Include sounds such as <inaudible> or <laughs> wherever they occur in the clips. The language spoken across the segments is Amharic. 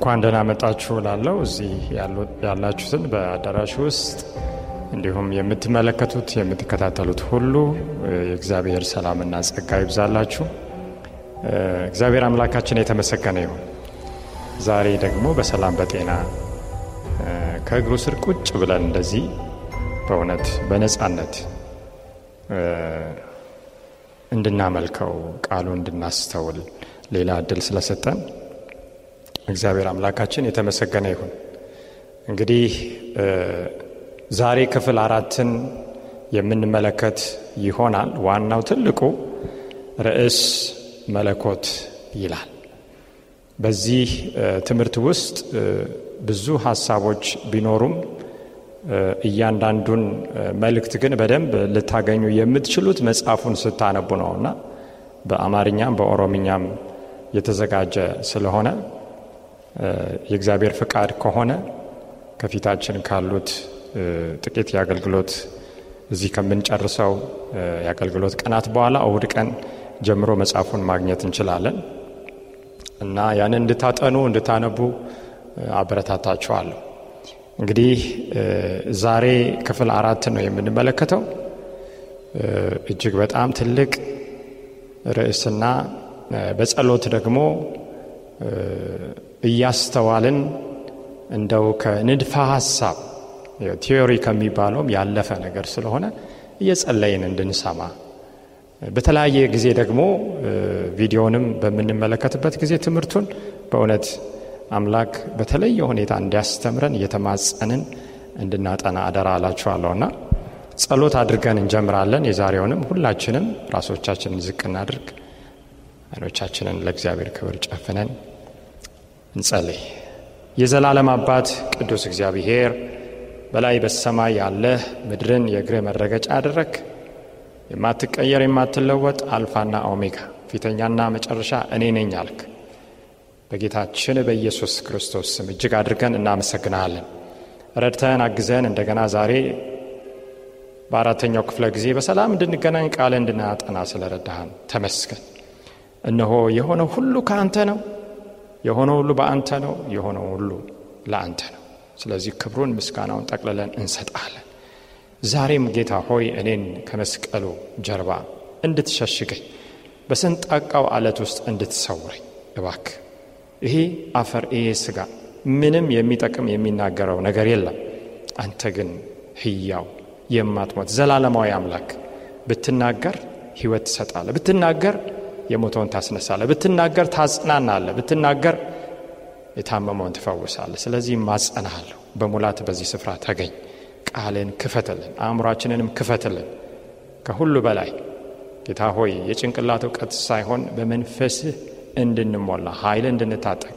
እንኳን ደህና መጣችሁ እላለሁ። እዚህ ያላችሁትን በአዳራሽ ውስጥ እንዲሁም የምትመለከቱት የምትከታተሉት ሁሉ የእግዚአብሔር ሰላምና ጸጋ ይብዛላችሁ። እግዚአብሔር አምላካችን የተመሰገነ ይሁን። ዛሬ ደግሞ በሰላም በጤና ከእግሩ ስር ቁጭ ብለን እንደዚህ በእውነት በነፃነት እንድናመልከው ቃሉ እንድናስተውል ሌላ እድል ስለሰጠን እግዚአብሔር አምላካችን የተመሰገነ ይሁን። እንግዲህ ዛሬ ክፍል አራትን የምንመለከት ይሆናል። ዋናው ትልቁ ርዕስ መለኮት ይላል። በዚህ ትምህርት ውስጥ ብዙ ሀሳቦች ቢኖሩም እያንዳንዱን መልእክት ግን በደንብ ልታገኙ የምትችሉት መጽሐፉን ስታነቡ ነውና በአማርኛም በኦሮምኛም የተዘጋጀ ስለሆነ የእግዚአብሔር ፍቃድ ከሆነ ከፊታችን ካሉት ጥቂት የአገልግሎት እዚህ ከምንጨርሰው የአገልግሎት ቀናት በኋላ እሁድ ቀን ጀምሮ መጽሐፉን ማግኘት እንችላለን እና ያንን እንድታጠኑ እንድታነቡ አበረታታችኋለሁ። እንግዲህ ዛሬ ክፍል አራት ነው የምንመለከተው። እጅግ በጣም ትልቅ ርዕስና በጸሎት ደግሞ እያስተዋልን እንደው ከንድፈ ሀሳብ ቲዮሪ ከሚባለውም ያለፈ ነገር ስለሆነ እየጸለይን እንድንሰማ በተለያየ ጊዜ ደግሞ ቪዲዮንም በምንመለከትበት ጊዜ ትምህርቱን በእውነት አምላክ በተለየ ሁኔታ እንዲያስተምረን እየተማጸንን እንድናጠና አደራ ና ጸሎት አድርገን እንጀምራለን። የዛሬውንም ሁላችንም ራሶቻችንን ዝቅ እናድርግ፣ አይኖቻችንን ለእግዚአብሔር ክብር ጨፍነን እንጸልይ። የዘላለም አባት ቅዱስ እግዚአብሔር በላይ በሰማይ ያለህ ምድርን የእግርህ መረገጫ አደረግ። የማትቀየር የማትለወጥ አልፋና ኦሜጋ ፊተኛና መጨረሻ እኔ ነኝ አልክ። በጌታችን በኢየሱስ ክርስቶስ ስም እጅግ አድርገን እናመሰግናለን። ረድተን አግዘን፣ እንደገና ዛሬ በአራተኛው ክፍለ ጊዜ በሰላም እንድንገናኝ ቃል እንድናጠና ስለረዳህን ተመስገን። እነሆ የሆነ ሁሉ ከአንተ ነው የሆነ ሁሉ በአንተ ነው፣ የሆነ ሁሉ ለአንተ ነው። ስለዚህ ክብሩን ምስጋናውን ጠቅልለን እንሰጣለን። ዛሬም ጌታ ሆይ እኔን ከመስቀሉ ጀርባ እንድትሸሽገኝ በስንጣቃው አለት ውስጥ እንድትሰውረኝ እባክ። ይሄ አፈር ይሄ ስጋ ምንም የሚጠቅም የሚናገረው ነገር የለም። አንተ ግን ህያው የማትሞት ዘላለማዊ አምላክ ብትናገር ህይወት ትሰጣለህ ብትናገር የሞተውን ታስነሳለ፣ ብትናገር ታጽናናለ፣ ብትናገር የታመመውን ትፈውሳለ። ስለዚህ ማጸናሃለሁ። በሙላት በዚህ ስፍራ ተገኝ። ቃልን ክፈትልን፣ አእምሯችንንም ክፈትልን። ከሁሉ በላይ ጌታ ሆይ የጭንቅላት እውቀት ሳይሆን በመንፈስህ እንድንሞላ ኃይል እንድንታጠቅ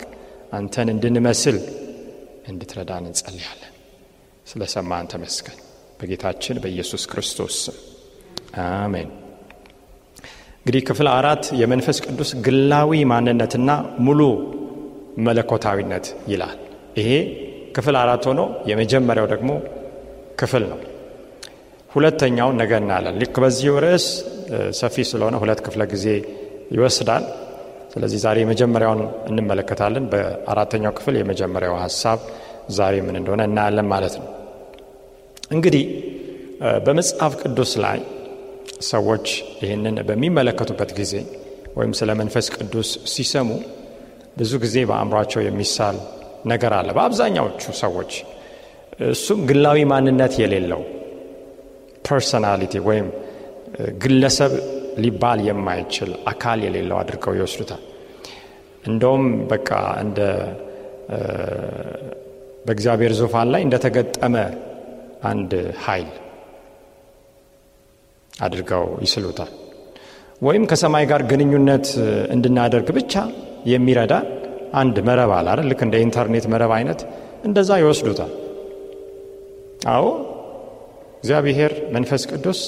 አንተን እንድንመስል እንድትረዳን እንጸልያለን። ስለ ሰማን ተመስገን። በጌታችን በኢየሱስ ክርስቶስ አሜን። እንግዲህ ክፍል አራት የመንፈስ ቅዱስ ግላዊ ማንነትና ሙሉ መለኮታዊነት ይላል። ይሄ ክፍል አራት ሆኖ የመጀመሪያው ደግሞ ክፍል ነው። ሁለተኛውን ነገ እናያለን። ልክ በዚሁ ርዕስ ሰፊ ስለሆነ ሁለት ክፍለ ጊዜ ይወስዳል። ስለዚህ ዛሬ የመጀመሪያውን እንመለከታለን። በአራተኛው ክፍል የመጀመሪያው ሀሳብ ዛሬ ምን እንደሆነ እናያለን ማለት ነው። እንግዲህ በመጽሐፍ ቅዱስ ላይ ሰዎች ይህንን በሚመለከቱበት ጊዜ ወይም ስለ መንፈስ ቅዱስ ሲሰሙ ብዙ ጊዜ በአእምሯቸው የሚሳል ነገር አለ በአብዛኛዎቹ ሰዎች። እሱም ግላዊ ማንነት የሌለው ፐርሰናሊቲ ወይም ግለሰብ ሊባል የማይችል አካል የሌለው አድርገው ይወስዱታል። እንደውም በቃ እንደ በእግዚአብሔር ዙፋን ላይ እንደተገጠመ አንድ ኃይል አድርገው ይስሉታል። ወይም ከሰማይ ጋር ግንኙነት እንድናደርግ ብቻ የሚረዳ አንድ መረብ አለ አይደል? ልክ እንደ ኢንተርኔት መረብ አይነት እንደዛ ይወስዱታል። አዎ እግዚአብሔር መንፈስ ቅዱስ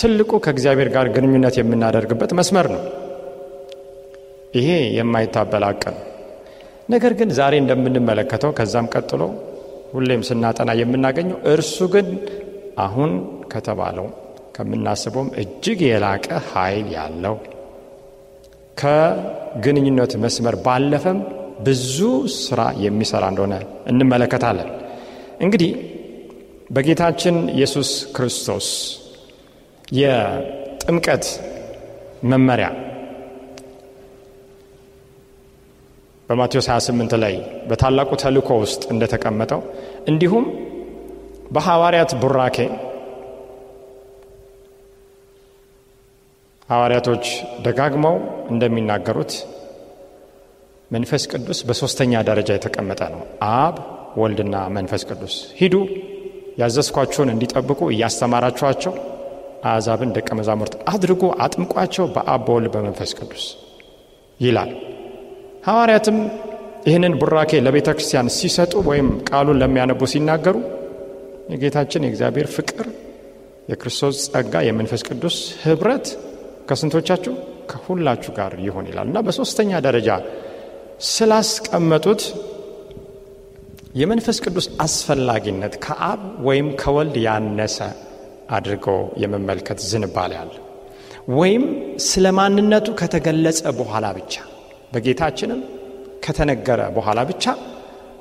ትልቁ ከእግዚአብሔር ጋር ግንኙነት የምናደርግበት መስመር ነው። ይሄ የማይታበላቅን ነገር ግን ዛሬ እንደምንመለከተው ከዛም ቀጥሎ ሁሌም ስናጠና የምናገኘው እርሱ ግን አሁን ከተባለው ከምናስበውም እጅግ የላቀ ኃይል ያለው ከግንኙነት መስመር ባለፈም ብዙ ስራ የሚሰራ እንደሆነ እንመለከታለን። እንግዲህ በጌታችን ኢየሱስ ክርስቶስ የጥምቀት መመሪያ በማቴዎስ 28 ላይ በታላቁ ተልእኮ ውስጥ እንደተቀመጠው እንዲሁም በሐዋርያት ቡራኬ ሐዋርያቶች ደጋግመው እንደሚናገሩት መንፈስ ቅዱስ በሶስተኛ ደረጃ የተቀመጠ ነው። አብ ወልድና መንፈስ ቅዱስ ሂዱ ያዘዝኳቸውን እንዲጠብቁ እያስተማራችኋቸው አሕዛብን ደቀ መዛሙርት አድርጎ አጥምቋቸው በአብ በወልድ በመንፈስ ቅዱስ ይላል። ሐዋርያትም ይህንን ቡራኬ ለቤተ ክርስቲያን ሲሰጡ ወይም ቃሉን ለሚያነቡ ሲናገሩ የጌታችን የእግዚአብሔር ፍቅር፣ የክርስቶስ ጸጋ፣ የመንፈስ ቅዱስ ህብረት ከስንቶቻችሁ ከሁላችሁ ጋር ይሆን ይላል እና በሶስተኛ ደረጃ ስላስቀመጡት የመንፈስ ቅዱስ አስፈላጊነት ከአብ ወይም ከወልድ ያነሰ አድርጎ የመመልከት ዝንባል ያለ ወይም ስለ ማንነቱ ከተገለጸ በኋላ ብቻ በጌታችንም ከተነገረ በኋላ ብቻ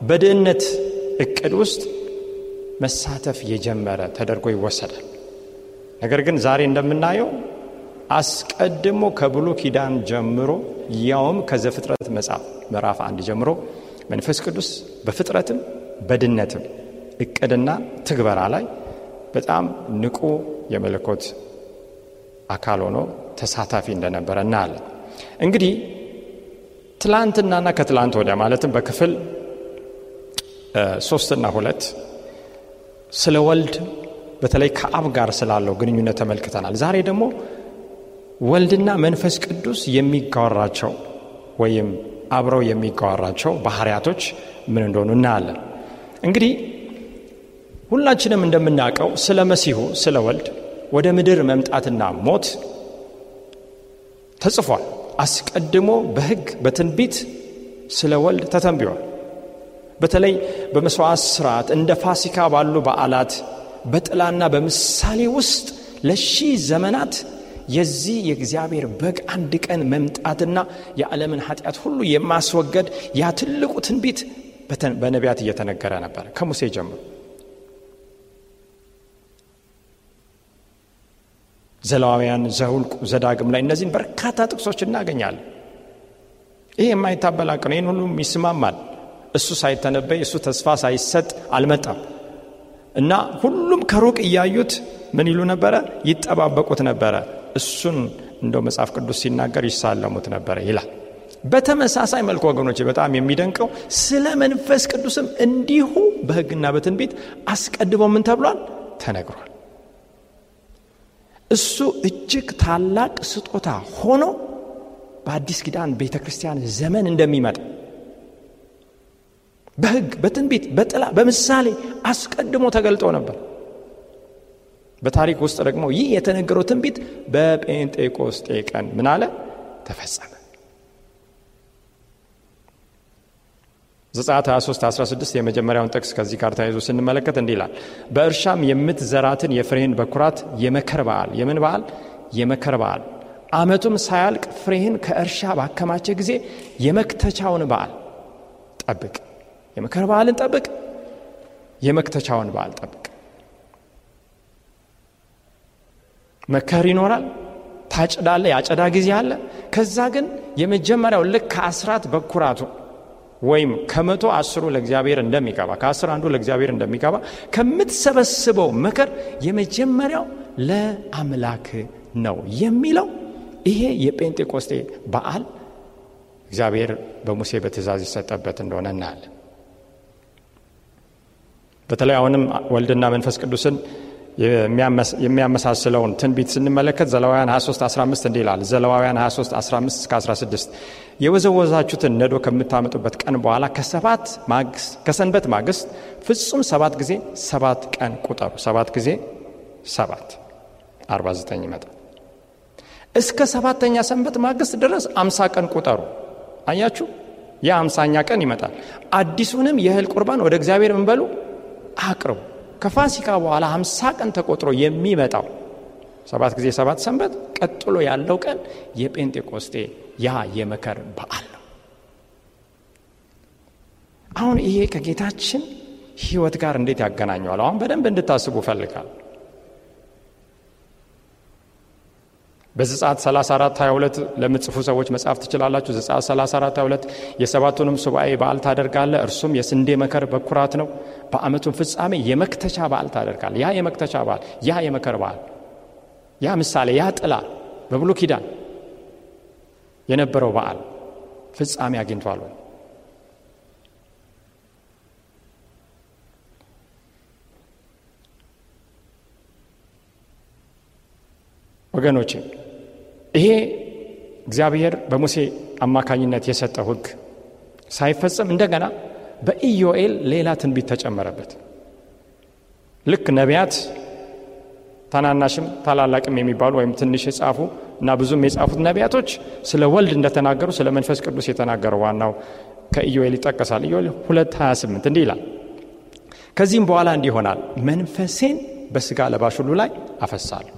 በድህነት እቅድ ውስጥ መሳተፍ የጀመረ ተደርጎ ይወሰዳል። ነገር ግን ዛሬ እንደምናየው አስቀድሞ ከብሉ ኪዳን ጀምሮ ያውም ከዘፍጥረት መጽሐፍ ምዕራፍ አንድ ጀምሮ መንፈስ ቅዱስ በፍጥረትም በድነትም እቅድና ትግበራ ላይ በጣም ንቁ የመለኮት አካል ሆኖ ተሳታፊ እንደነበረ እናያለን። እንግዲህ ትላንትናና ከትላንት ወዲያ ማለትም በክፍል ሶስትና ሁለት ስለ ወልድ በተለይ ከአብ ጋር ስላለው ግንኙነት ተመልክተናል። ዛሬ ደግሞ ወልድና መንፈስ ቅዱስ የሚጋራቸው ወይም አብረው የሚጋራቸው ባህሪያቶች ምን እንደሆኑ እናያለን። እንግዲህ ሁላችንም እንደምናውቀው ስለ መሲሁ ስለ ወልድ ወደ ምድር መምጣትና ሞት ተጽፏል። አስቀድሞ በህግ በትንቢት ስለ ወልድ ተተንብዮአል። በተለይ በመስዋዕት ስርዓት እንደ ፋሲካ ባሉ በዓላት በጥላና በምሳሌ ውስጥ ለሺህ ዘመናት የዚህ የእግዚአብሔር በግ አንድ ቀን መምጣትና የዓለምን ኃጢአት ሁሉ የማስወገድ ያ ትልቁ ትንቢት በነቢያት እየተነገረ ነበር ከሙሴ ጀምሮ። ዘሌዋውያን፣ ዘውልቁ ዘዳግም ላይ እነዚህን በርካታ ጥቅሶች እናገኛለን። ይህ የማይታበላቅ ነው። ይህን ሁሉ ይስማማል። እሱ ሳይተነበይ እሱ ተስፋ ሳይሰጥ አልመጣም እና ሁሉም ከሩቅ እያዩት ምን ይሉ ነበረ? ይጠባበቁት ነበረ። እሱን እንደው መጽሐፍ ቅዱስ ሲናገር ይሳለሙት ነበረ ይላል። በተመሳሳይ መልኩ ወገኖቼ በጣም የሚደንቀው ስለ መንፈስ ቅዱስም እንዲሁ በህግና በትንቢት አስቀድሞ ምን ተብሏል ተነግሯል። እሱ እጅግ ታላቅ ስጦታ ሆኖ በአዲስ ኪዳን ቤተ ክርስቲያን ዘመን እንደሚመጣ በህግ በትንቢት በጥላ በምሳሌ አስቀድሞ ተገልጦ ነበር። በታሪክ ውስጥ ደግሞ ይህ የተነገረው ትንቢት በጴንጤቆስጤ ቀን ምን አለ ተፈጸመ። ዘጻት 23 16 የመጀመሪያውን ጥቅስ ከዚህ ጋር ተያይዞ ስንመለከት እንዲህ ይላል፣ በእርሻም የምትዘራትን የፍሬህን በኩራት የመከር በዓል የምን በዓል የመከር በዓል አመቱም ሳያልቅ ፍሬህን ከእርሻ ባከማቸ ጊዜ የመክተቻውን በዓል ጠብቅ። የመከር በዓልን ጠብቅ። የመክተቻውን በዓል ጠብቅ። መከር ይኖራል ታጭዳለ ያጨዳ ጊዜ አለ ከዛ ግን የመጀመሪያው ልክ ከአስራት በኩራቱ ወይም ከመቶ አስሩ ለእግዚአብሔር እንደሚገባ ከአስር አንዱ ለእግዚአብሔር እንደሚገባ ከምትሰበስበው መከር የመጀመሪያው ለአምላክ ነው የሚለው ይሄ የጴንጤቆስጤ በዓል እግዚአብሔር በሙሴ በትእዛዝ ይሰጠበት እንደሆነ እናያለን በተለይ አሁንም ወልድና መንፈስ ቅዱስን የሚያመሳስለውን ትንቢት ስንመለከት ዘለዋውያን 23 15 እንዲህ ይላል። ዘለዋውያን 23 15 እስከ 16 የወዘወዛችሁትን ነዶ ከምታመጡበት ቀን በኋላ ከሰባት ማግስት ከሰንበት ማግስት ፍጹም ሰባት ጊዜ ሰባት ቀን ቁጠሩ። ሰባት ጊዜ ሰባት 49 ይመጣል። እስከ ሰባተኛ ሰንበት ማግስት ድረስ አምሳ ቀን ቁጠሩ። አያችሁ፣ የአምሳኛ ቀን ይመጣል። አዲሱንም የእህል ቁርባን ወደ እግዚአብሔር ምንበሉ አቅርቡ ከፋሲካ በኋላ ሀምሳ ቀን ተቆጥሮ የሚመጣው ሰባት ጊዜ ሰባት ሰንበት ቀጥሎ ያለው ቀን የጴንጤቆስጤ ያ የመከር በዓል ነው። አሁን ይሄ ከጌታችን ህይወት ጋር እንዴት ያገናኘዋል? አሁን በደንብ እንድታስቡ ፈልጋል በዘጻት 34 22 ለምጽፉ ሰዎች መጻፍ ትችላላችሁ። ዘጻት 34 22 የሰባቱንም ሱባኤ በዓል ታደርጋለ። እርሱም የስንዴ መከር በኩራት ነው። በአመቱን ፍጻሜ የመክተቻ በዓል ታደርጋለ። ያ የመክተቻ በዓል ያ የመከር በዓል ያ ምሳሌ ያ ጥላ በብሉ ኪዳን የነበረው በዓል ፍጻሜ አግኝቷል። ወገኖቼ ይሄ እግዚአብሔር በሙሴ አማካኝነት የሰጠው ህግ ሳይፈጸም እንደገና በኢዮኤል ሌላ ትንቢት ተጨመረበት። ልክ ነቢያት ታናናሽም ታላላቅም የሚባሉ ወይም ትንሽ የጻፉ እና ብዙም የጻፉት ነቢያቶች ስለ ወልድ እንደተናገሩ ስለ መንፈስ ቅዱስ የተናገረው ዋናው ከኢዮኤል ይጠቀሳል። ኢዮኤል 228 እንዲህ ይላል፣ ከዚህም በኋላ እንዲህ ይሆናል፣ መንፈሴን በስጋ ለባሽ ሁሉ ላይ አፈሳለሁ።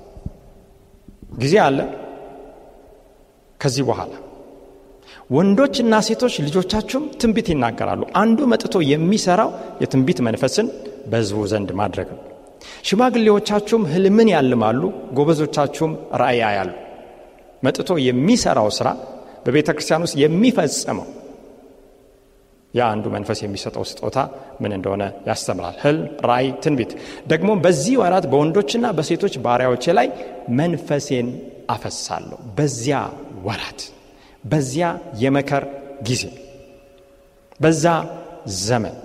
ጊዜ አለ ከዚህ በኋላ ወንዶችና ሴቶች ልጆቻችሁም ትንቢት ይናገራሉ። አንዱ መጥቶ የሚሰራው የትንቢት መንፈስን በህዝቡ ዘንድ ማድረግ ነው። ሽማግሌዎቻችሁም ህልምን ያልማሉ፣ ጎበዞቻችሁም ራእይ ያሉ መጥቶ የሚሰራው ስራ በቤተ ክርስቲያን ውስጥ የሚፈጽመው ያ አንዱ መንፈስ የሚሰጠው ስጦታ ምን እንደሆነ ያስተምራል። ህል ራይ ትንቢት። ደግሞ በዚህ ወራት በወንዶችና በሴቶች ባሪያዎቼ ላይ መንፈሴን አፈሳለሁ በዚያ ወራት በዚያ የመከር ጊዜ በዛ ዘመን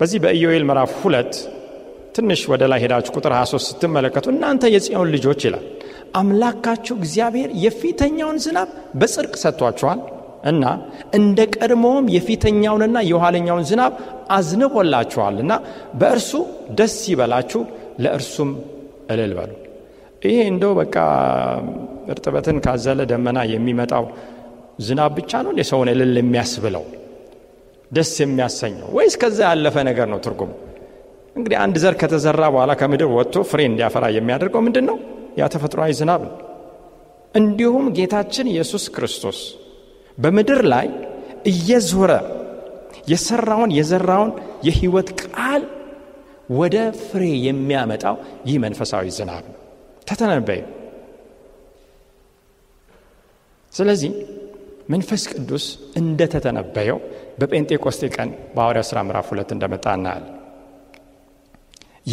በዚህ በኢዮኤል ምዕራፍ ሁለት ትንሽ ወደ ላይ ሄዳችሁ ቁጥር 23 ስትመለከቱ እናንተ የጽዮን ልጆች ይላል አምላካችሁ እግዚአብሔር የፊተኛውን ዝናብ በጽድቅ ሰጥቷችኋል እና እንደ ቀድሞውም የፊተኛውንና የኋለኛውን ዝናብ አዝንቦላችኋልና በእርሱ ደስ ይበላችሁ ለእርሱም እልል በሉ ይሄ እንደው በቃ እርጥበትን ካዘለ ደመና የሚመጣው ዝናብ ብቻ ነው እንዴ ሰውን እልል የሚያስብለው ደስ የሚያሰኘው ወይስ ከዛ ያለፈ ነገር ነው ትርጉሙ? እንግዲህ አንድ ዘር ከተዘራ በኋላ ከምድር ወጥቶ ፍሬ እንዲያፈራ የሚያደርገው ምንድን ነው? ያ ተፈጥሯዊ ዝናብ ነው። እንዲሁም ጌታችን ኢየሱስ ክርስቶስ በምድር ላይ እየዞረ የሰራውን የዘራውን የህይወት ቃል ወደ ፍሬ የሚያመጣው ይህ መንፈሳዊ ዝናብ ነው። ተተነበዩ ስለዚህ መንፈስ ቅዱስ እንደተተነበየው በጴንጤቆስቴ ቀን በአዋርያ ሥራ ምዕራፍ ሁለት እንደመጣ እናያለን።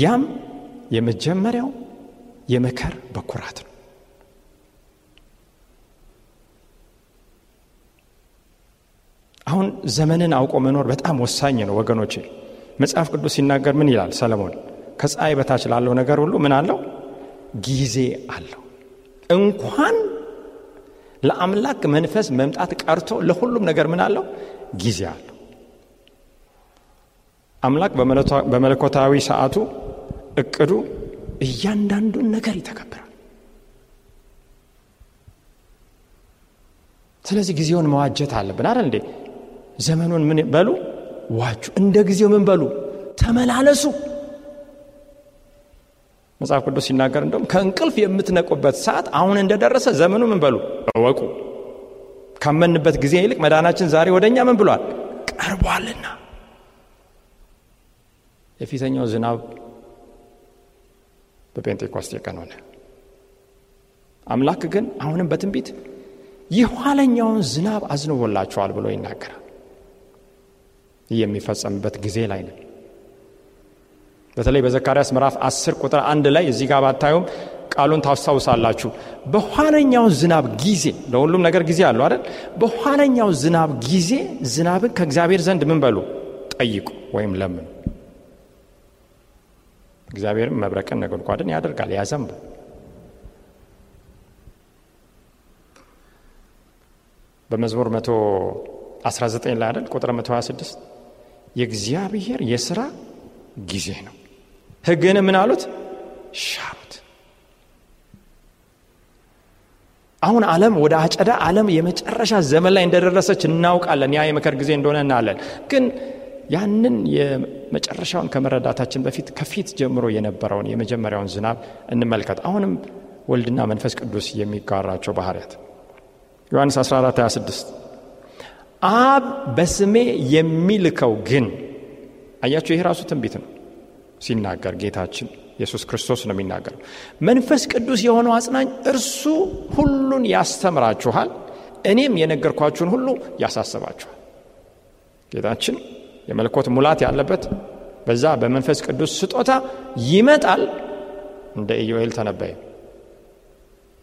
ያም የመጀመሪያው የመከር በኩራት ነው። አሁን ዘመንን አውቆ መኖር በጣም ወሳኝ ነው ወገኖቼ። መጽሐፍ ቅዱስ ሲናገር ምን ይላል ሰለሞን? ከፀሐይ በታች ላለው ነገር ሁሉ ምን አለው ጊዜ አለው። እንኳን ለአምላክ መንፈስ መምጣት ቀርቶ ለሁሉም ነገር ምን አለው? ጊዜ አለው። አምላክ በመለኮታዊ ሰዓቱ እቅዱ እያንዳንዱን ነገር ይተከብራል ስለዚህ ጊዜውን መዋጀት አለብን አይደል እንዴ? ዘመኑን ምን በሉ ዋጁ፣ እንደ ጊዜው ምን በሉ ተመላለሱ። መጽሐፍ ቅዱስ ሲናገር እንደም ከእንቅልፍ የምትነቁበት ሰዓት አሁን እንደደረሰ ዘመኑ ምን በሉ እወቁ። ካመንበት ጊዜ ይልቅ መዳናችን ዛሬ ወደ እኛ ምን ብሏል ቀርቧልና። የፊተኛው ዝናብ በጴንጤኮስቴ ቀን ሆነ። አምላክ ግን አሁንም በትንቢት የኋለኛውን ዝናብ አዝንቦላቸዋል ብሎ ይናገራል። የሚፈጸምበት ጊዜ ላይ ነው። በተለይ በዘካርያስ ምዕራፍ 10 ቁጥር አንድ ላይ እዚህ ጋር ባታዩም ቃሉን ታስታውሳላችሁ። በኋለኛው ዝናብ ጊዜ ለሁሉም ነገር ጊዜ አለው አይደል? በኋለኛው ዝናብ ጊዜ ዝናብን ከእግዚአብሔር ዘንድ ምን በሉ ጠይቁ ወይም ለምን እግዚአብሔርም መብረቅን ነጎድጓድን ያደርጋል ያዘንብ። በመዝሙር 119 ላይ አይደል ቁጥር 126 የእግዚአብሔር የስራ ጊዜ ነው ህግን ምን አሉት ሻሩት አሁን ዓለም ወደ አጨዳ ዓለም የመጨረሻ ዘመን ላይ እንደደረሰች እናውቃለን ያ የመከር ጊዜ እንደሆነ እናለን ግን ያንን የመጨረሻውን ከመረዳታችን በፊት ከፊት ጀምሮ የነበረውን የመጀመሪያውን ዝናብ እንመልከት አሁንም ወልድና መንፈስ ቅዱስ የሚጋራቸው ባህርያት ዮሐንስ 14 26 አብ በስሜ የሚልከው ግን አያቸው ይህ ራሱ ትንቢት ነው ሲናገር ጌታችን ኢየሱስ ክርስቶስ ነው የሚናገረው። መንፈስ ቅዱስ የሆነው አጽናኝ እርሱ ሁሉን ያስተምራችኋል፣ እኔም የነገርኳችሁን ሁሉ ያሳስባችኋል። ጌታችን የመልኮት ሙላት ያለበት በዛ በመንፈስ ቅዱስ ስጦታ ይመጣል። እንደ ኢዮኤል ተነበየ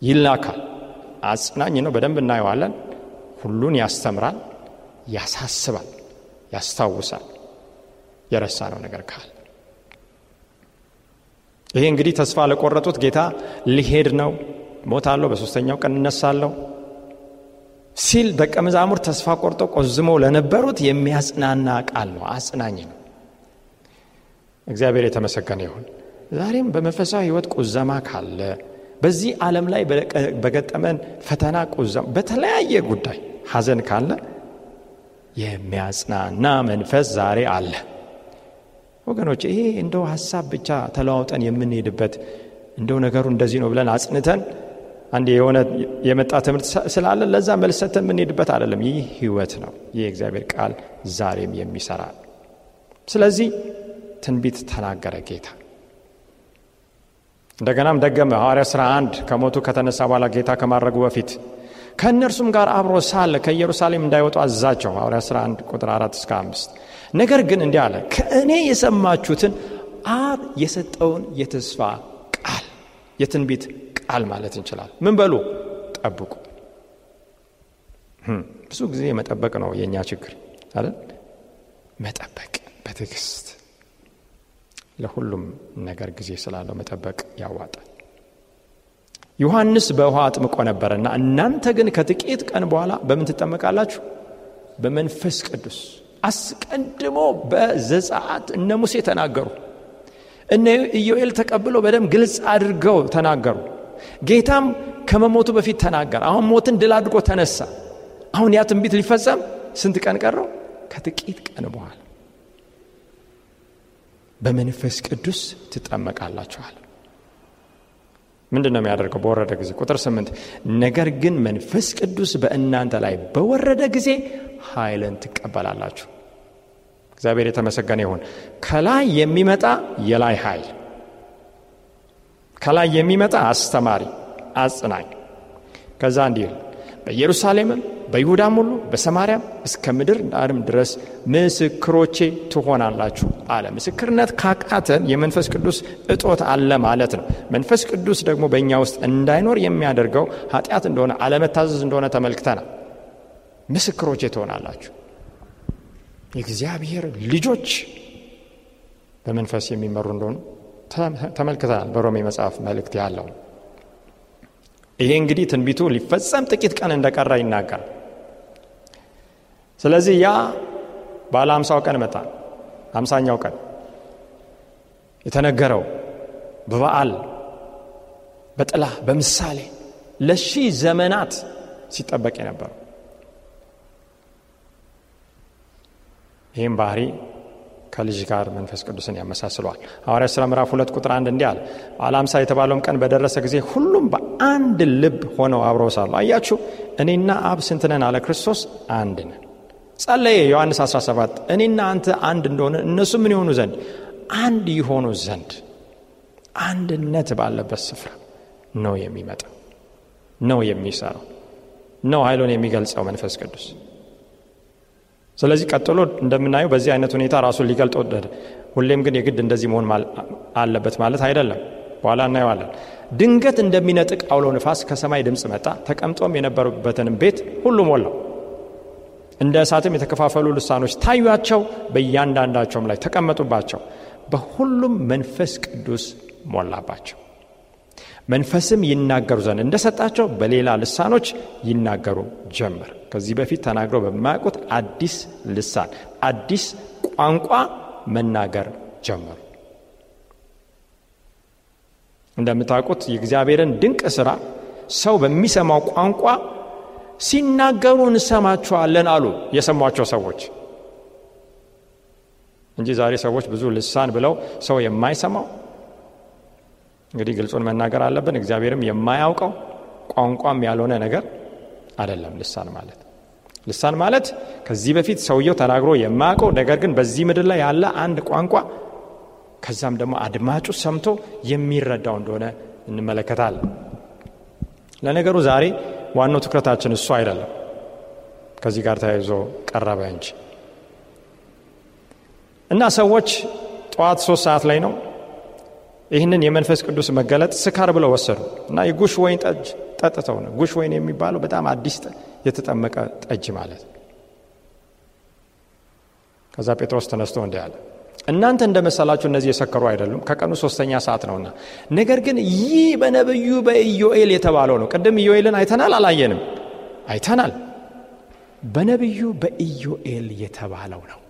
ይላካል። አጽናኝ ነው፣ በደንብ እናየዋለን። ሁሉን ያስተምራል፣ ያሳስባል፣ ያስታውሳል ነው ነገር ካል ይሄ እንግዲህ ተስፋ ለቆረጡት ጌታ ሊሄድ ነው፣ ሞታለሁ፣ በሶስተኛው ቀን እነሳለሁ ሲል ደቀ መዛሙር ተስፋ ቆርጦ ቆዝመው ለነበሩት የሚያጽናና ቃል ነው። አጽናኝ ነው። እግዚአብሔር የተመሰገነ ይሁን። ዛሬም በመንፈሳዊ ህይወት ቁዘማ ካለ በዚህ ዓለም ላይ በገጠመን ፈተና ቁዘማ፣ በተለያየ ጉዳይ ሐዘን ካለ የሚያጽናና መንፈስ ዛሬ አለ። ወገኖች ይሄ እንደው ሀሳብ ብቻ ተለዋውጠን የምንሄድበት እንደው ነገሩ እንደዚህ ነው ብለን አጽንተን አንድ የሆነ የመጣ ትምህርት ስላለ ለዛ መልሰተን የምንሄድበት አይደለም። ይህ ህይወት ነው። ይህ የእግዚአብሔር ቃል ዛሬም የሚሰራ ስለዚህ ትንቢት ተናገረ ጌታ። እንደገናም ደገመ ሐዋርያ ሥራ አንድ ከሞቱ ከተነሳ በኋላ ጌታ ከማድረጉ በፊት ከእነርሱም ጋር አብሮ ሳለ ከኢየሩሳሌም እንዳይወጡ አዛቸው ሐዋርያ 11 1 ቁጥር 4 እስከ 5 ነገር ግን እንዲህ አለ ከእኔ የሰማችሁትን አብ የሰጠውን የተስፋ ቃል የትንቢት ቃል ማለት እንችላል ምን በሉ ጠብቁ ብዙ ጊዜ መጠበቅ ነው የእኛ ችግር አይደል መጠበቅ በትዕግስት ለሁሉም ነገር ጊዜ ስላለው መጠበቅ ያዋጣል ዮሐንስ በውሃ አጥምቆ ነበረና እናንተ ግን ከጥቂት ቀን በኋላ በምን ትጠመቃላችሁ? በመንፈስ ቅዱስ። አስቀድሞ በዘጻአት እነ ሙሴ ተናገሩ። እነ ኢዮኤል ተቀብሎ በደም ግልጽ አድርገው ተናገሩ። ጌታም ከመሞቱ በፊት ተናገር አሁን ሞትን ድል አድርጎ ተነሳ። አሁን ያ ትንቢት ሊፈጸም ስንት ቀን ቀረው? ከጥቂት ቀን በኋላ በመንፈስ ቅዱስ ትጠመቃላችኋል። ምንድን ነው የሚያደርገው? በወረደ ጊዜ ቁጥር ስምንት ነገር ግን መንፈስ ቅዱስ በእናንተ ላይ በወረደ ጊዜ ኃይልን ትቀበላላችሁ። እግዚአብሔር የተመሰገነ ይሁን። ከላይ የሚመጣ የላይ ኃይል፣ ከላይ የሚመጣ አስተማሪ፣ አጽናኝ። ከዛ እንዲህ በኢየሩሳሌምም በይሁዳም ሁሉ በሰማርያም እስከ ምድር ዳርም ድረስ ምስክሮቼ ትሆናላችሁ አለ። ምስክርነት ካቃተን የመንፈስ ቅዱስ እጦት አለ ማለት ነው። መንፈስ ቅዱስ ደግሞ በእኛ ውስጥ እንዳይኖር የሚያደርገው ኃጢአት እንደሆነ አለመታዘዝ እንደሆነ ተመልክተናል። ምስክሮቼ ትሆናላችሁ። የእግዚአብሔር ልጆች በመንፈስ የሚመሩ እንደሆኑ ተመልክተናል። በሮሜ መጽሐፍ መልእክት ያለው ይሄ እንግዲህ ትንቢቱ ሊፈጸም ጥቂት ቀን እንደቀረ ይናገራል። ስለዚህ ያ ባለ አምሳው ቀን መጣ። አምሳኛው ቀን የተነገረው በበዓል በጥላ በምሳሌ ለሺህ ዘመናት ሲጠበቅ የነበረው ይህም ባህሪ ከልጅ ጋር መንፈስ ቅዱስን ያመሳስለዋል። ሐዋርያ ሥራ ምዕራፍ ሁለት ቁጥር አንድ እንዲህ አለ። አላምሳ የተባለውም ቀን በደረሰ ጊዜ ሁሉም በአንድ ልብ ሆነው አብረው ሳሉ አያችሁ፣ እኔና አብ ስንትነን አለ ክርስቶስ አንድ ነን። ጸለየ ዮሐንስ 17 እኔና አንተ አንድ እንደሆነ እነሱ ምን ይሆኑ ዘንድ አንድ ይሆኑ ዘንድ አንድነት ባለበት ስፍራ ነው የሚመጣ ነው የሚሰራው ነው ኃይሉን የሚገልጸው መንፈስ ቅዱስ ስለዚህ ቀጥሎ እንደምናየው በዚህ አይነት ሁኔታ ራሱን ሊገልጥ ወደደ ሁሌም ግን የግድ እንደዚህ መሆን አለበት ማለት አይደለም በኋላ እናየዋለን ድንገት እንደሚነጥቅ አውሎ ንፋስ ከሰማይ ድምፅ መጣ ተቀምጦም የነበሩበትንም ቤት ሁሉ ሞላው እንደ እሳትም የተከፋፈሉ ልሳኖች ታዩቸው በእያንዳንዳቸውም ላይ ተቀመጡባቸው፣ በሁሉም መንፈስ ቅዱስ ሞላባቸው። መንፈስም ይናገሩ ዘንድ እንደሰጣቸው በሌላ ልሳኖች ይናገሩ ጀመር። ከዚህ በፊት ተናግረው በማያውቁት አዲስ ልሳን፣ አዲስ ቋንቋ መናገር ጀመሩ። እንደምታውቁት የእግዚአብሔርን ድንቅ ስራ ሰው በሚሰማው ቋንቋ ሲናገሩ እንሰማቸዋለን አሉ የሰሟቸው ሰዎች እንጂ ዛሬ ሰዎች ብዙ ልሳን ብለው ሰው የማይሰማው እንግዲህ ግልጹን መናገር አለብን እግዚአብሔርም የማያውቀው ቋንቋም ያልሆነ ነገር አይደለም ልሳን ማለት ልሳን ማለት ከዚህ በፊት ሰውየው ተናግሮ የማያውቀው ነገር ግን በዚህ ምድር ላይ ያለ አንድ ቋንቋ ከዛም ደግሞ አድማጩ ሰምቶ የሚረዳው እንደሆነ እንመለከታለን ለነገሩ ዛሬ ዋናው ትኩረታችን እሱ አይደለም። ከዚህ ጋር ተያይዞ ቀረበ እንጂ እና ሰዎች ጠዋት ሶስት ሰዓት ላይ ነው ይህንን የመንፈስ ቅዱስ መገለጥ ስካር ብለው ወሰዱ እና የጉሽ ወይን ጠጅ ጠጥተው ነው። ጉሽ ወይን የሚባለው በጣም አዲስ የተጠመቀ ጠጅ ማለት። ከዛ ጴጥሮስ ተነስቶ እንዲህ አለ እናንተ እንደመሰላችሁ እነዚህ የሰከሩ አይደሉም፣ ከቀኑ ሶስተኛ ሰዓት ነውና። ነገር ግን ይህ በነብዩ በኢዮኤል የተባለው ነው። ቅድም ኢዮኤልን አይተናል አላየንም? አይተናል። በነብዩ በኢዮኤል የተባለው ነው፣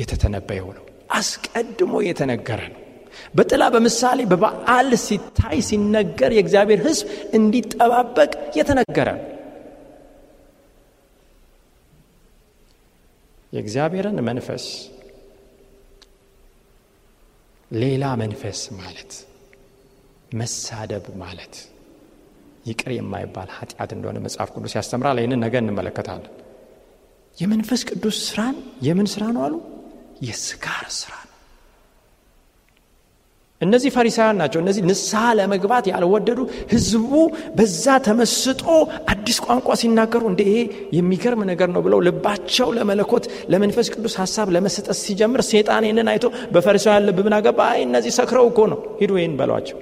የተተነበየው ነው፣ አስቀድሞ የተነገረ ነው። በጥላ በምሳሌ በበዓል ሲታይ ሲነገር የእግዚአብሔር ህዝብ እንዲጠባበቅ የተነገረ ነው። የእግዚአብሔርን መንፈስ ሌላ መንፈስ ማለት መሳደብ ማለት ይቅር የማይባል ኃጢአት እንደሆነ መጽሐፍ ቅዱስ ያስተምራል። ይህንን ነገ እንመለከታለን። የመንፈስ ቅዱስ ስራን የምን ስራ ነው አሉ? የስጋር ስራ እነዚህ ፈሪሳውያን ናቸው። እነዚህ ንስሐ ለመግባት ያልወደዱ ህዝቡ በዛ ተመስጦ አዲስ ቋንቋ ሲናገሩ እንደ ይሄ የሚገርም ነገር ነው ብለው ልባቸው ለመለኮት ለመንፈስ ቅዱስ ሀሳብ ለመሰጠት ሲጀምር ሴጣን ይህንን አይቶ በፈሪሳውያን ልብ ምን አገባ? አይ እነዚህ ሰክረው እኮ ነው፣ ሂዱ ይህን በሏቸው።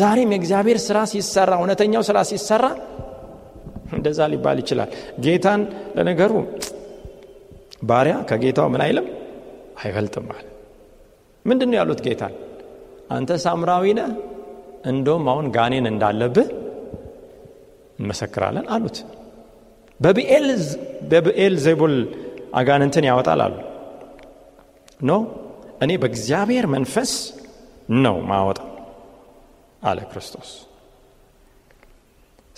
ዛሬም የእግዚአብሔር ስራ ሲሰራ እውነተኛው ስራ ሲሰራ እንደዛ ሊባል ይችላል። ጌታን ለነገሩ ባሪያ ከጌታው ምን አይልም አይበልጥም ምንድን ነው ያሉት ጌታን አንተ ሳምራዊ ነህ እንደውም አሁን ጋኔን እንዳለብህ እንመሰክራለን አሉት በብኤል ዘቡል አጋንንትን ያወጣል አሉ ኖ እኔ በእግዚአብሔር መንፈስ ነው ማወጣ አለ ክርስቶስ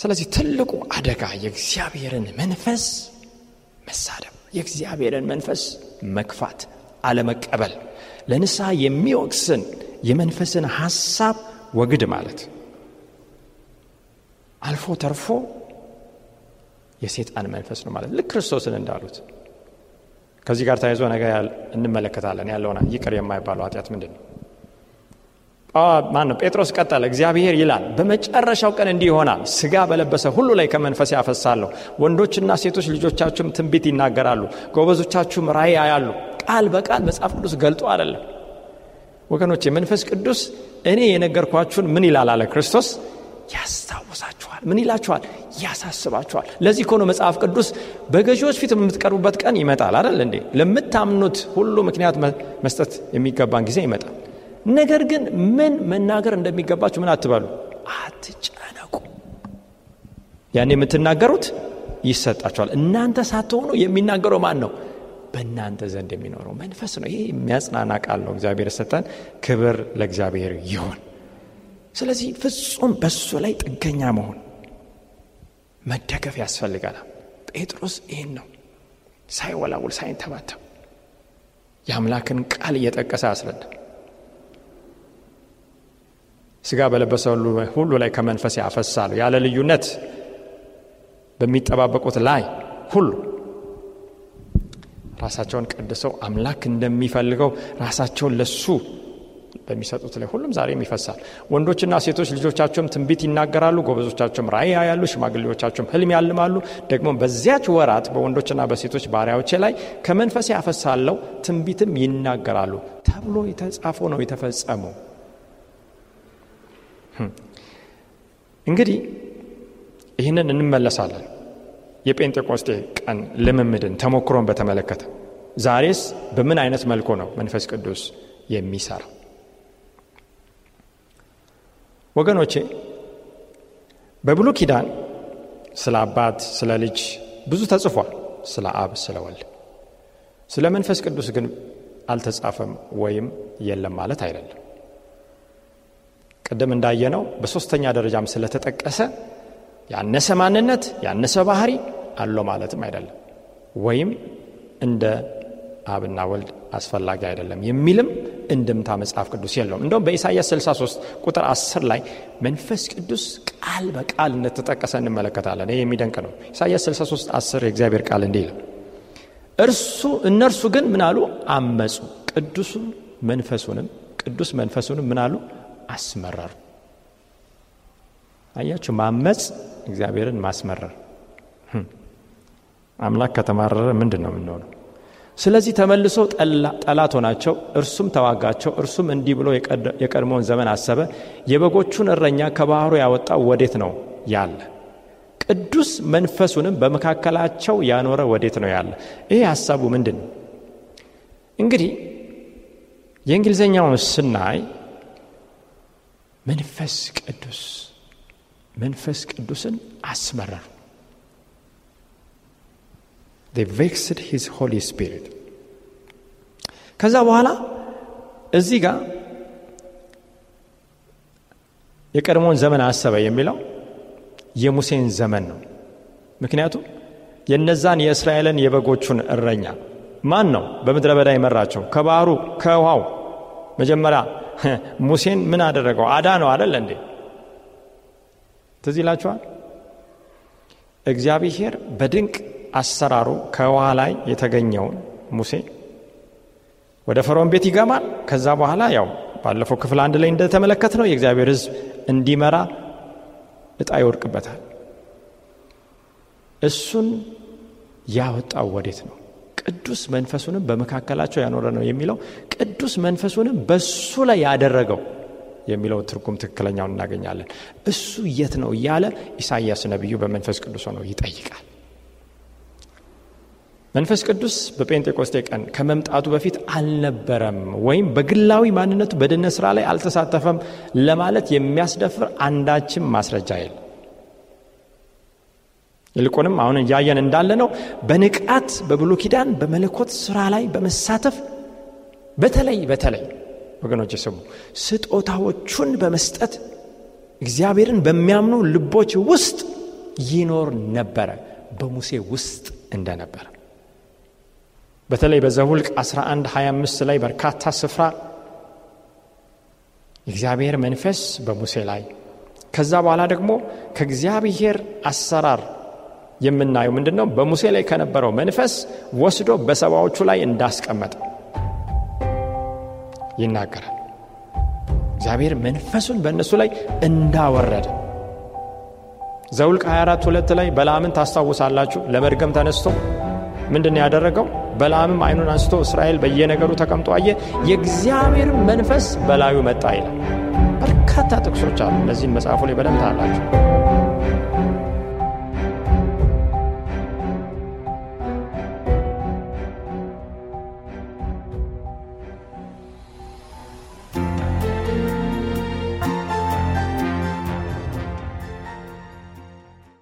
ስለዚህ ትልቁ አደጋ የእግዚአብሔርን መንፈስ መሳደብ የእግዚአብሔርን መንፈስ መክፋት አለመቀበል ለንስሐ የሚወቅስን የመንፈስን ሐሳብ ወግድ ማለት አልፎ ተርፎ የሴጣን መንፈስ ነው ማለት ልክ ክርስቶስን እንዳሉት ከዚህ ጋር ተያይዞ ነገ እንመለከታለን ያለውና ይቅር የማይባለው ኃጢአት ምንድን ነው ማን ነው ጴጥሮስ ቀጠለ እግዚአብሔር ይላል በመጨረሻው ቀን እንዲህ ይሆናል ስጋ በለበሰ ሁሉ ላይ ከመንፈስ ያፈሳለሁ ወንዶችና ሴቶች ልጆቻችሁም ትንቢት ይናገራሉ ጎበዞቻችሁም ራይ ያያሉ ቃል በቃል መጽሐፍ ቅዱስ ገልጦ አይደለም ወገኖች የመንፈስ ቅዱስ እኔ የነገርኳችሁን ምን ይላል አለ ክርስቶስ ያስታውሳችኋል ምን ይላችኋል ያሳስባችኋል ለዚህ ከሆነ መጽሐፍ ቅዱስ በገዢዎች ፊት የምትቀርቡበት ቀን ይመጣል አይደል እንዴ ለምታምኑት ሁሉ ምክንያት መስጠት የሚገባን ጊዜ ይመጣል ነገር ግን ምን መናገር እንደሚገባችሁ ምን አትበሉ አትጨነቁ ያን የምትናገሩት ይሰጣችኋል እናንተ ሳትሆኑ የሚናገረው ማን ነው በእናንተ ዘንድ የሚኖረው መንፈስ ነው። ይህ የሚያጽናና ቃል ነው። እግዚአብሔር ሰጠን። ክብር ለእግዚአብሔር ይሆን ስለዚህ ፍጹም በሱ ላይ ጥገኛ መሆን መደገፍ ያስፈልጋል። ጴጥሮስ ይህን ነው ሳይወላውል ሳይንተባተብ የአምላክን ቃል እየጠቀሰ አስረዳ። ስጋ በለበሰ ሁሉ ላይ ከመንፈስ ያፈሳሉ ያለ ልዩነት በሚጠባበቁት ላይ ሁሉ ራሳቸውን ቀድሰው አምላክ እንደሚፈልገው ራሳቸውን ለሱ በሚሰጡት ላይ ሁሉም ዛሬም ይፈሳል። ወንዶችና ሴቶች ልጆቻቸውም ትንቢት ይናገራሉ፣ ጎበዞቻቸውም ራይ ያያሉ፣ ሽማግሌዎቻቸውም ህልም ያልማሉ። ደግሞ በዚያች ወራት በወንዶችና በሴቶች ባሪያዎቼ ላይ ከመንፈሴ ያፈሳለው ትንቢትም ይናገራሉ ተብሎ የተጻፈው ነው የተፈጸመው። እንግዲህ ይህንን እንመለሳለን የጴንጤቆስጤ ቀን ልምምድን ተሞክሮን በተመለከተ ዛሬስ በምን አይነት መልኩ ነው መንፈስ ቅዱስ የሚሰራ? ወገኖቼ በብሉ ኪዳን ስለ አባት፣ ስለ ልጅ ብዙ ተጽፏል። ስለ አብ፣ ስለ ወልድ፣ ስለ መንፈስ ቅዱስ ግን አልተጻፈም ወይም የለም ማለት አይደለም። ቅድም እንዳየነው በሶስተኛ ደረጃም ስለተጠቀሰ ያነሰ ማንነት ያነሰ ባህሪ አለው ማለትም አይደለም፣ ወይም እንደ አብና ወልድ አስፈላጊ አይደለም የሚልም እንድምታ መጽሐፍ ቅዱስ የለውም። እንደውም በኢሳያስ 63 ቁጥር 10 ላይ መንፈስ ቅዱስ ቃል በቃል እንደተጠቀሰ እንመለከታለን። ይህ የሚደንቅ ነው። ኢሳያስ 63 10 የእግዚአብሔር ቃል እንዲህ ይላል፣ እርሱ እነርሱ ግን ምናሉ አመፁ፣ ቅዱሱ መንፈሱንም ቅዱስ መንፈሱንም ምናሉ አስመረሩ። አያችሁ ማመፅ እግዚአብሔርን ማስመረር። አምላክ ከተማረረ ምንድን ነው የምንሆነው? ስለዚህ ተመልሶ ጠላት ሆናቸው፣ እርሱም ተዋጋቸው። እርሱም እንዲህ ብሎ የቀድሞውን ዘመን አሰበ። የበጎቹን እረኛ ከባህሩ ያወጣው ወዴት ነው ያለ? ቅዱስ መንፈሱንም በመካከላቸው ያኖረ ወዴት ነው ያለ? ይህ ሀሳቡ ምንድን ነው? እንግዲህ የእንግሊዝኛውን ስናይ መንፈስ ቅዱስ መንፈስ ቅዱስን አስመረሩ ቬክስድ ሂዝ ሆሊ ስፒሪት ከዛ በኋላ እዚህ ጋር የቀድሞውን ዘመን አሰበ የሚለው የሙሴን ዘመን ነው ምክንያቱም የነዛን የእስራኤልን የበጎቹን እረኛ ማን ነው በምድረ በዳ የመራቸው ከባህሩ ከውሃው መጀመሪያ <laughs> ሙሴን ምን አደረገው አዳ ነው አደለ እንዴ ትዝ ይላችኋል። እግዚአብሔር በድንቅ አሰራሩ ከውሃ ላይ የተገኘውን ሙሴ ወደ ፈርዖን ቤት ይገማል። ከዛ በኋላ ያው ባለፈው ክፍል አንድ ላይ እንደተመለከት ነው የእግዚአብሔር ህዝብ እንዲመራ እጣ ይወድቅበታል። እሱን ያወጣው ወዴት ነው? ቅዱስ መንፈሱንም በመካከላቸው ያኖረ ነው የሚለው ቅዱስ መንፈሱንም በሱ ላይ ያደረገው የሚለው ትርጉም ትክክለኛውን እናገኛለን። እሱ የት ነው እያለ ኢሳይያስ ነቢዩ በመንፈስ ቅዱስ ሆነው ይጠይቃል። መንፈስ ቅዱስ በጴንጤቆስቴ ቀን ከመምጣቱ በፊት አልነበረም ወይም በግላዊ ማንነቱ በድነት ስራ ላይ አልተሳተፈም ለማለት የሚያስደፍር አንዳችም ማስረጃ የለም። ይልቁንም አሁን እያየን እንዳለ ነው በንቃት በብሉይ ኪዳን በመለኮት ስራ ላይ በመሳተፍ በተለይ በተለይ ወገኖች ስሙ ስጦታዎቹን በመስጠት እግዚአብሔርን በሚያምኑ ልቦች ውስጥ ይኖር ነበረ በሙሴ ውስጥ እንደነበረ በተለይ በዘኍልቍ 11 25 ላይ በርካታ ስፍራ እግዚአብሔር መንፈስ በሙሴ ላይ ከዛ በኋላ ደግሞ ከእግዚአብሔር አሰራር የምናየው ምንድን ነው በሙሴ ላይ ከነበረው መንፈስ ወስዶ በሰባዎቹ ላይ እንዳስቀመጠ ይናገራል እግዚአብሔር መንፈሱን በእነሱ ላይ እንዳወረደ ዘውልቅ 24 ሁለት ላይ በላምን ታስታውሳላችሁ ለመድገም ተነስቶ ምንድን ያደረገው በላምም አይኑን አንስቶ እስራኤል በየነገሩ ተቀምጦ አየ የእግዚአብሔር መንፈስ በላዩ መጣ ይላል በርካታ ጥቅሶች አሉ እነዚህን መጽሐፉ ላይ በደንብ